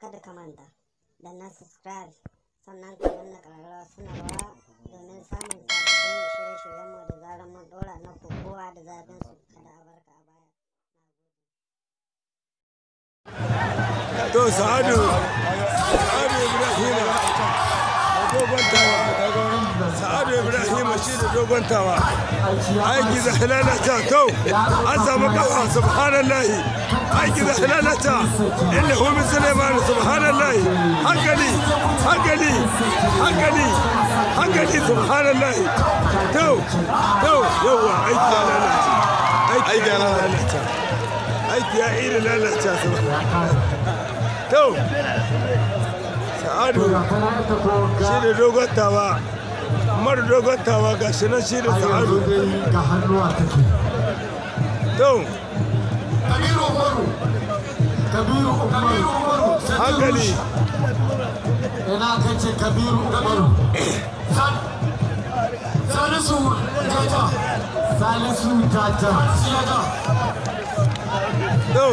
fa da kamanta manta da na subscribe sannan ka danna ƙararrawa sanarwa domin samun sabbin shirye mu da zarar mun ɗora na kowa da zafin su kada a barka a baya. To Sa'adu, Sa'adu Ibrahim, ko gwanta wa daga wurin sa'adu ibrahim shi da dogon tawa aiki za halalata kau an samu kafa subhanallahi aiki za halalata inda homin suleiman subhanallahi hankali hankali hankali hankali subhanallahi kau kau yawa aiki ya lalata aiki ya lalata aiki ya iri lalata subhanallahi kau sa'adu shi da dogon tawa mara dogon ga shi na shi da sa'adu to kabiru kabiru hankali ina kace kabiru umaru salisu jaja salisu jaja to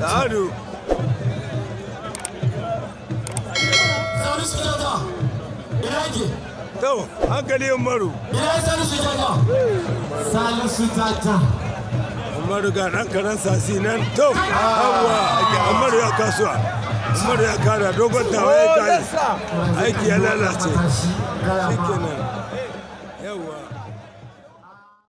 sa'adu to hankali yin maru ina yi salisu jama salisu tata umaru ga ɗan karen sasi nan to hawa umaru ya kasuwa umaru ya kara dogon tawaye ta yi aiki ya lalace shi kenan